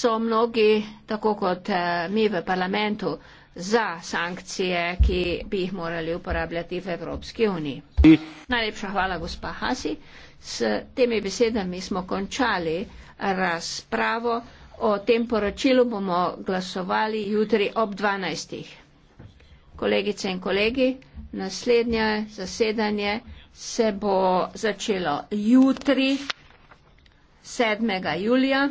so mnogi, tako kot eh, mi v parlamentu, za sankcije, ki bi jih morali uporabljati v Evropski uniji. Najlepša hvala, gospa Hasi. S temi besedami smo končali razpravo. O tem poročilu bomo glasovali jutri ob 12. Kolegice in kolegi, naslednje zasedanje se bo začelo jutri 7. julija.